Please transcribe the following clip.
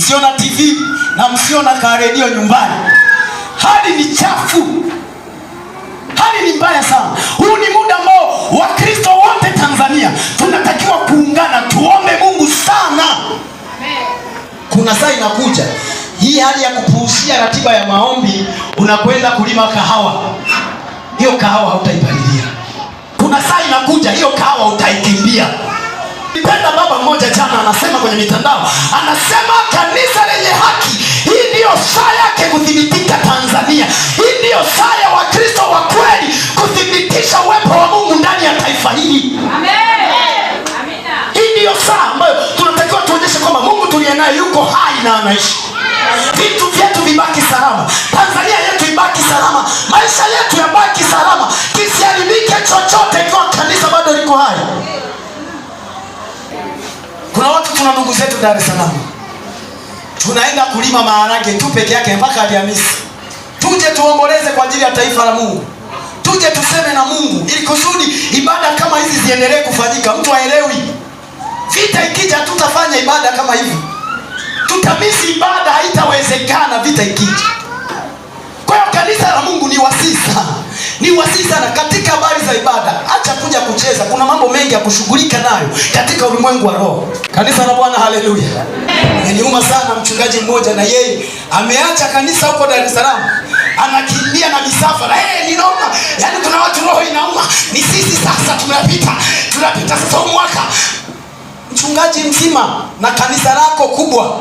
msio na TV na msio na ka redio nyumbani. Hali ni chafu, hali ni mbaya sana. Huu ni muda ambao Wakristo wote Tanzania tunatakiwa kuungana, tuombe Mungu sana. Kuna saa inakuja hii hali ya kupuuzia ratiba ya maombi, unakwenda kulima kahawa, hiyo kahawa hautaipalilia. Kuna saa inakuja hiyo kahawa utaikimbia sana anasema kwenye mitandao, anasema kanisa lenye haki. Hii ndiyo saa yake kuthibitika Tanzania. Hii ndiyo saa ya Wakristo wa kweli kuthibitisha uwepo wa Mungu ndani ya taifa hili. Hii ndiyo saa ambayo tunatakiwa tuonyeshe kwamba Mungu tuliye naye yuko hai na anaishi, vitu vyetu vibaki salama Tanzania Tuna ndugu zetu Dar es Salaam tunaenda kulima maharage tu peke yake mpaka Alhamisi, tuje tuomboleze kwa ajili ya taifa la Mungu, tuje tuseme na Mungu ili kusudi ibada kama hizi ziendelee kufanyika. Mtu aelewi, vita ikija tutafanya ibada kama hivi, tutamisi ibada, haitawezekana vita ikija. Kwa hiyo kanisa la Mungu ni wasisa, ni wasisa na katika ya kushughulika nayo katika ulimwengu wa roho. Kanisa la Bwana, haleluya. Niliuma sana mchungaji mmoja, na yeye ameacha kanisa huko Dar es Salaam, anakimbia na misafara. Hey, ninaona yani kuna watu roho inauma, ni sisi sasa tunapita, tunapita sasa mwaka mchungaji mzima na kanisa lako kubwa